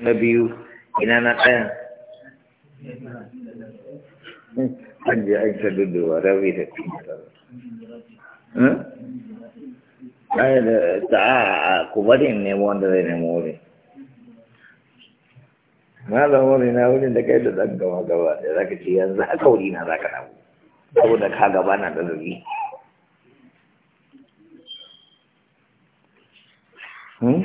na biyu ina na ɗayan an je an ta rabi da fitar hmm? da ta ku bari in nemo wanda zai nemo wuri malam wuri na wurin da kai da zan gaba gaba da zaka ce yanzu haka wuri na zaka namu saboda ka gaba na da zuri Hmm?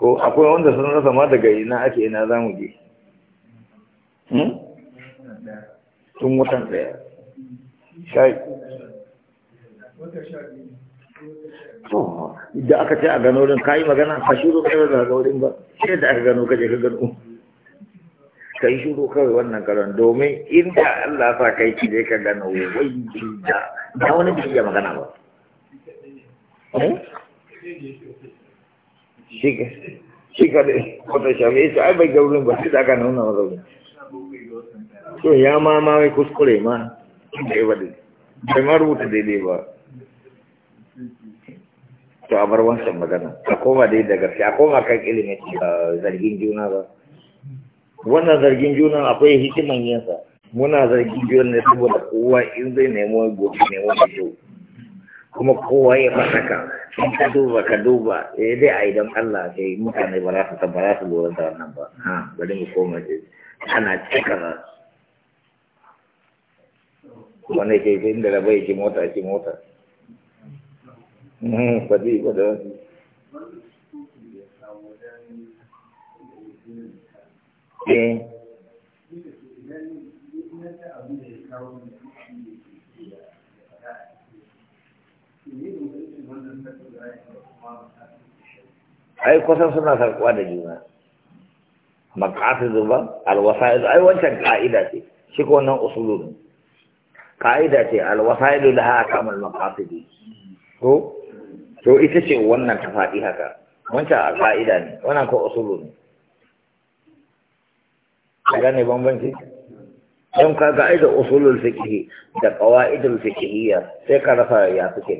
ko akwai wanda sun rasa ma daga ina ake ina za mu je hmm? tun watan ɗaya shai da aka ce a gano rin kayi magana ka shiro kai da ga wurin ba sai da aka gano kaje ka gano kai shiro kawai wannan karon domin inda Allah sa kai ki je ka gano wai da wani bai magana ba shi ka da wata shafi ya ai bai ga wurin ba sai da aka nuna wa zaune to ya ma ma mai kuskure ma da ya bada bai ma rubuta daidai ba to a bar wancan magana a koma dai da gaske a koma kan ilimin zargin juna ba wannan zargin juna akwai hikiman yinsa muna zargin juna ne saboda kowa in zai nemo gobe nemo da yau kuma kowa ya fasaka in ka duba ka duba eh dai a idan Allah sai mutane ba za su su lura da wannan ba ha bari mu koma ce ana cika ba wani ke da ki mota ki mota hmm, ba ba da ai kusan suna sarkuwa da juna zuba ba alwasa'id ai wancan ka'ida ce shi ko nan usulun ka'ida ce alwasa'id laha kamal maqasidi to to ita ce wannan ta faɗi haka wancan ka'ida ne wannan ko usulun ne gane bambanci don ka ga aida usulul fiqh da qawaidul fiqhiyya sai ka rafa ya suke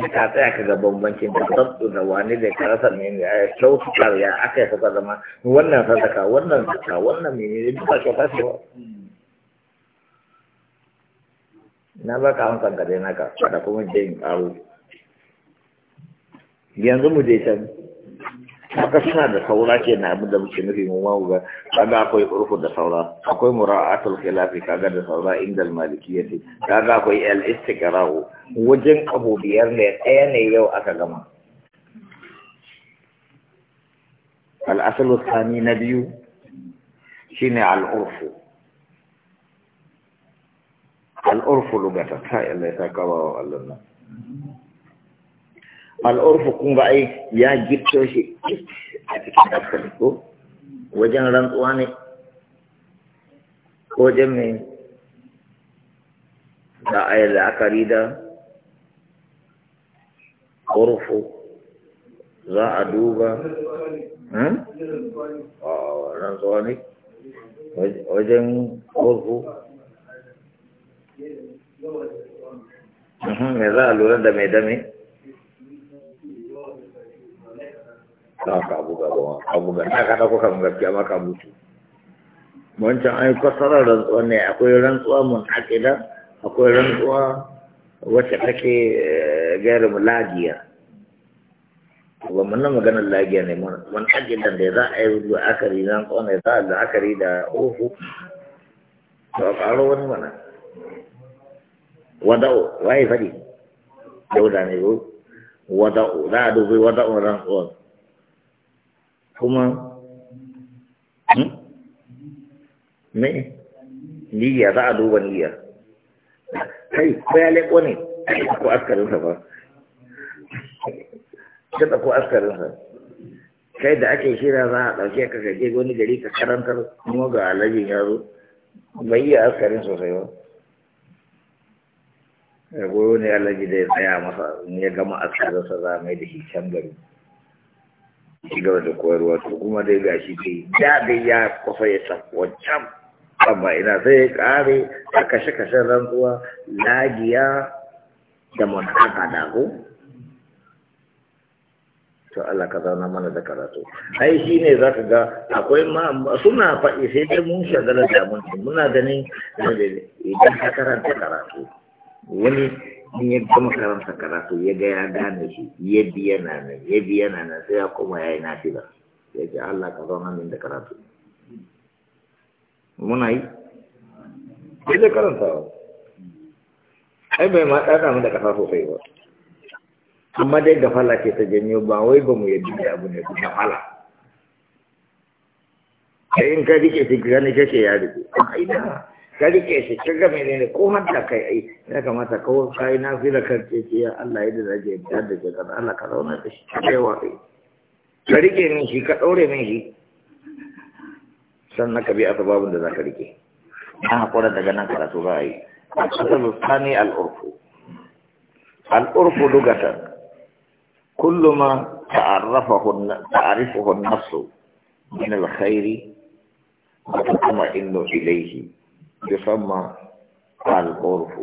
ne ka tsaya ka ga bambancin da sabtu da wani da ka rasa ne ya ka ya aka yi suka zama wannan sadaka wannan sadaka wannan mene ne duka kyauta ce na ba ka hankan ka dai naka da kuma je in yanzu mu je can kaga suna da saura ke na abin da muke nufi mun mamu ga kaga akwai urfu da saura akwai mura'atul khilafi kaga da saura inda ce. kaga akwai al istiqra'u wajen abu biyar ne ɗaya ne yau aka gama al aslu thani na biyu shine al urfu al urfu lugatan sai Allah ya saka wa Allah al'urfu kun ga ai ya gitto shi a cikin asali ko wajen rantsuwa ne ko wajen mai Za a yi la'akari da ƙorfu, za a duba hmm? rantsuwa ne wajen ƙorfu. Mhm, me za a lura da mai dame za ka buga ba ka buga na ka dauko kan gaskiya ma ka mutu wancan ai kasarar rantsuwa ne akwai rantsuwa mun akida akwai rantsuwa wacce take eh, gairu lagiya ba mun nan maganar lagiya ne mun akida da za a yi la'akari rantsuwa ne za a la'akari da ohu to a karo wani mana wada'u waye fadi dauda ne ko wada'u za a dubi wada'u rantsuwa kuma hmm? me niyya za a duba niyya kai ko ya leko ne ko askarinsa ba kada ko askarinsa kai da ake shira za a ɗauke ka gaje wani gari ka karantar kuma ga alajin yaro bai yi askarin sosai ba ya goyo ne alaji da ya tsaya masa in ya gama askarinsa za a mai da shi can gari ci gaba da koyarwa to kuma dai gashi dai da dai ya kusa ya wancan amma ina zai ya kare a kashe-kashen rantsuwa lagiya da mutaka da to Allah ka zauna mana da karatu ai shi ne za ka ga akwai ma suna faɗi sai dai mun shagala da mun muna ganin idan ka karanta karatu wani in ya gama karanta karatu ya ga ya gane shi ya biya na nan ya biya na nan sai ya koma ya yi nafila ya ce Allah ka zauna min da karatu muna yi sai da karantawa ai bai ma ɗaɗa mu da ƙasa sosai ba amma dai gafala ce ta janyo ba wai ba mu yadda da abu ne ku gafala sai in ka rike shi ka ne kake ya rike ai da ka rike shi ka ga ne ko hanta kai ai ya kamata ko kai na fi da karce ce ya Allah ya da zage da da ke kan Allah ka zauna da shi cewa kai ka rike ni shi ka daure ni shi sannan ka bi babun da zaka rike an hakura daga nan karatu ba ai yi asalu al-urfu al-urfu lugatan kullu ma ta'arrafahu ta'arifuhu an-nafs min al-khairi wa tatma'innu ilayhi يسمى العرف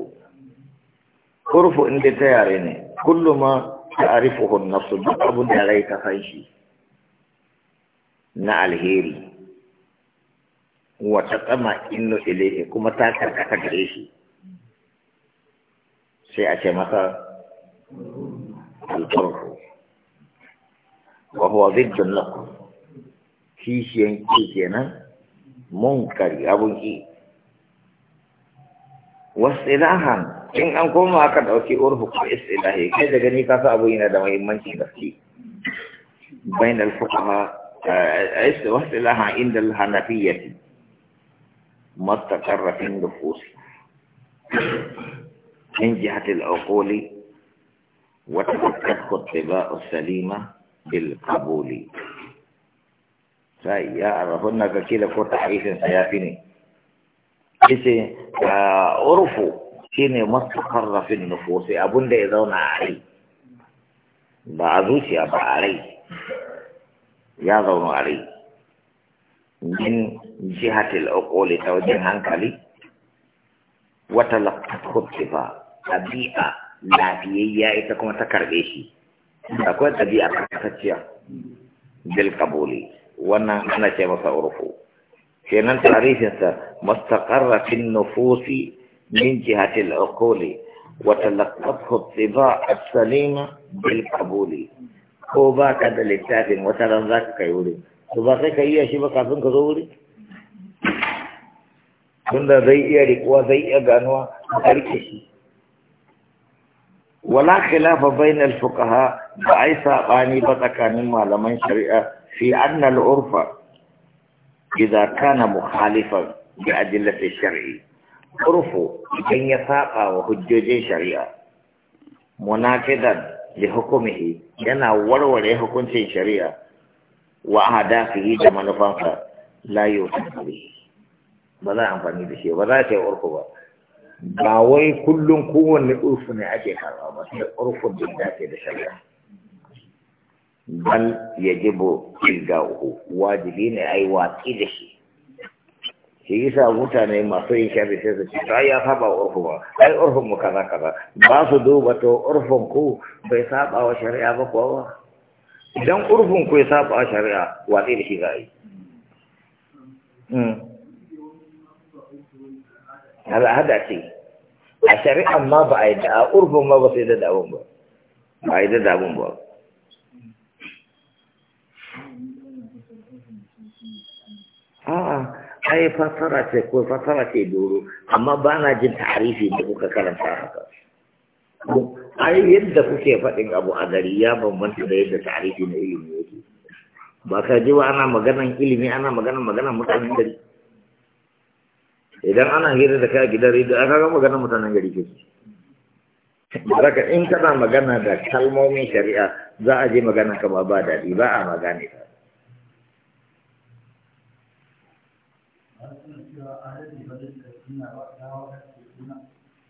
عرف إن تيارين كل ما تعرفه النفس أبن عليك خيشي na alheri wata tsama inno ilaihi kuma ta karkata gare shi sai a ce masa alfarfu wa huwa ziddun lakum kishiyan kenan munkari abun ki wasilahan in an koma aka ɗauki urhu ko istilahi kai da gani kasa abu yana da muhimmanci gaske bain al-fuqaha wasilahan inda al-hanafiyyati mastaqarra fi nufus min jihati al-uquli wa tafakkahu ittiba'u salima bil qabuli sai ya arahunna ka kila ko ta'ifin sayafi ne yace urfu shine mustakarrafin nufusi abunda ya zauna a rai ba a zuciya ba a rai ya zauna a rai min jihatil uquli ta wajen hankali wata ba ɗabi'a lafiyayya ita kuma ta karbe shi akwai ɗabi'a karkatacciya bil kabuli wannan ana ce masa urfu kenan tarihinsa mustaqarra fi nufusi min jihati al-uquli wa talaqqathu at-tiba' as-salima bil qabuli ko ba ka da littafin wata ran za ka kai wuri to ba sai ka iya shi ba kafin ka zo wuri tunda zai iya rikuwa zai iya ganuwa a karke shi wala khilafa bainal fuqaha ba ai sabani ba tsakanin malaman shari'a fi anna al-urfa إذا كان مخالفا بأدلة الشرع عرفوا لكن يساقى وهجوج شريعة مناكدا لحكمه ينا ورور حكم شريعة وأهدافه جمال فانسا لا يوصف به بلا أنفاني بشيء ولا شيء عرفوا ba wai kullum kowanne urfu ne ake karɓa ba sai urfun da dace da shari'a bal yajibu ilgahu wajibi ne ai watsi da shi shi yasa mutane masu yin sharri sai su ce ta ya saba wa urfu ba ai urfin mu kaza kaza ba su duba to urfin ku bai saba wa shari'a ba kuwa idan urfin ku ya saba wa shari'a watsi da shi za a yi al'ada ce a shari'an ma ba a yi da urfin ma ba sai da dabun ba ba a yi da dabun ba a'a ai fasara ce ko fasara ce doro amma ba na jin tarihi da kuka karanta haka ai yadda kuke faɗin abu a gari ya bambanta da yadda tarihi na ilimi yake ba ka ji wa ana maganan ilimi ana maganan maganan mutanen gari idan ana hira da kai a gidan rediyo aka ga maganan mutanen gari ke daga in kana magana da kalmomin shari'a za a je magana ka ba ba daɗi ba a magane ta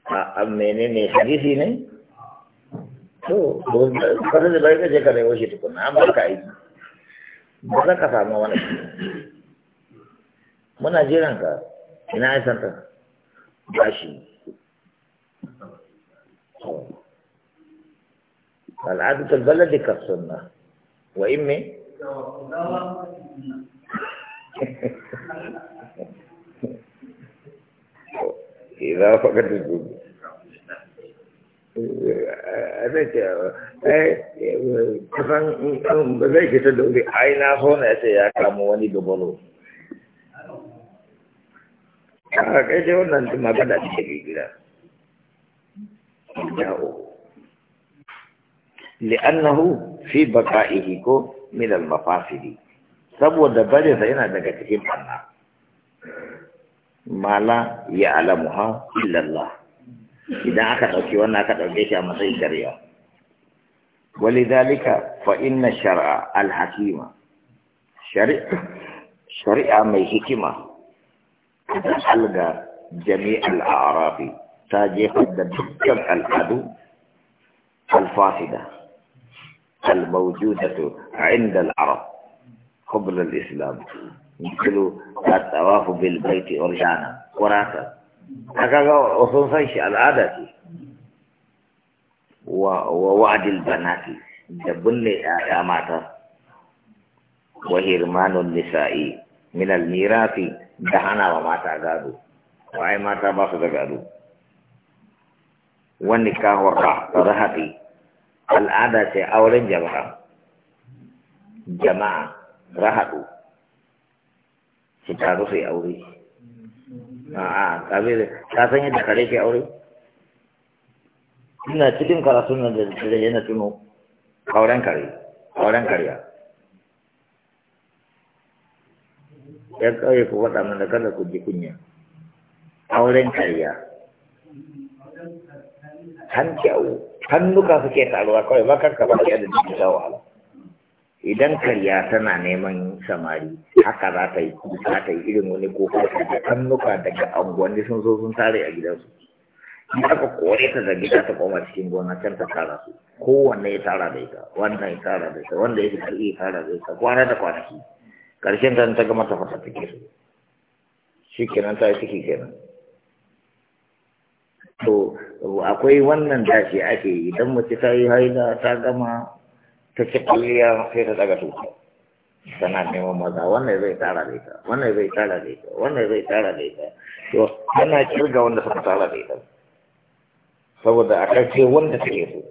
a menene hadisi ne to kada da bai kaje kare washe tukuna an barka aiki ba za ka samu wani muna jiran ka ina ya santa ba shi al'adu talbalar da kafin na wa'in me? za eh, zai kusan ba zai fita da wuri ai na so na ya ce ya kamo wani dubalo a ah, kai wannan tuma ba da cikin gida ja'o li'annahu fi baqa'ihi ko min al saboda bare sa yana daga cikin banna ma la ya'lamuha illa Allah idan aka dauki wannan aka dauke shi a matsayin shari'a walidhalika fa inna shar'a al-hakima shari'a shari'a mai hikima ta alga jami'al a'rafi ta jefar da dukkan al'adu al-fasida al-mawjudatu 'inda al-arab qabla al-islam nkilo atawafu bil baiti oryana korata akaga osonsaishi aladati wa wa wa'dil banati da bunne ya mata wa hirmanun nisa'i min al mirafi da hana wa mata gado wa ai mata ba su da gado wa nikahu rahati al'ada ce auren jama'a jama'a rahatu sai ta rufe aure a kabiru ta san yadda kare ke aure ina cikin karatun nan da da yana tuno auren kare auren kariya ya kauye ku faɗa mana kada ku ji kunya auren kariya hannu hannuka suke taruwa kawai ba kanka ba da yadda jikin wahala idan karya tana neman samari haka za ta yi kuka ta yi irin wani kuka da kannuka daga anguwanni sun zo sun tare a gidansu in aka kore ta da gida ta koma cikin gona can ta tara su kowanne ya tara da ita wannan ya tara da ita wanda ya fi karfi ya tara da ita kwana da kwanaki karshen ta ta gama ta fata take su shi kenan ta yi ciki kenan to akwai wannan dashi ake idan mace ta yi haila ta gama ta ce kwalliya sai daga tuta tana neman maza wannan zai tara da ita wannan zai tara da ita wannan zai tara da ita to tana kirga wanda suka tara da ita saboda a ƙarshe wanda take so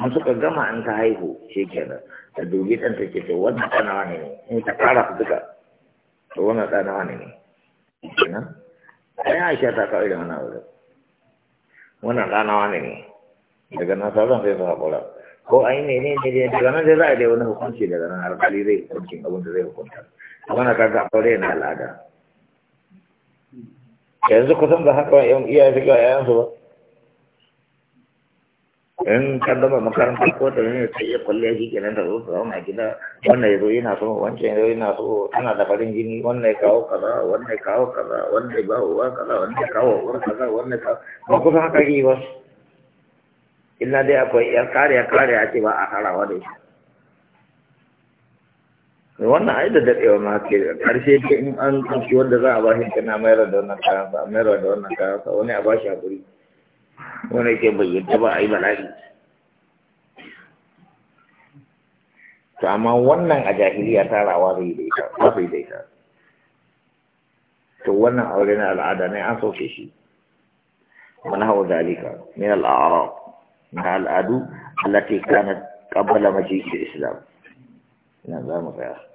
an suka gama an ta haihu shi kenan ta dubi ɗan take ce wannan ɗana wani ne in ta duka to wannan ɗana wani ne kenan ai aisha ta kawo irin wannan wurin wannan ɗana wani ne daga nan sauran sai su ko ai ne ne ne daga nan da za a dai wani hukunci daga nan alƙali zai hukuncin abin da zai hukunta wani ga aure na al'ada yanzu kusan da haka yan iyaye su ga su ba in ka dama makarantar ko da ne sai ya kwalle shi kenan da zo zauna gida wannan ya yana so wancan ya yana so tana da farin jini wannan ya kawo kaza wannan ya kawo kaza wannan ya ba kaza wannan ya kawo uwar kaza wannan ka kawo ba kusan haka yi ba Ina dai akwai kare-kare a ce ba a harawa da ita wannan ai da daɗewa ma ke ƙarshe ke in an ɗauki wanda za a ba shi kana mayar da wannan kayan a mayar da wannan sa, wani a ba shi haƙuri wani ke bayyanta ba a yi bala'i to amma wannan a jahiliya ta rawa zai daita ba da ita? to wannan aure na al'ada ne an sauke shi wani hau zalika min al'arab na al'adu allati kanat qabla majlis islam ina za mu tsaya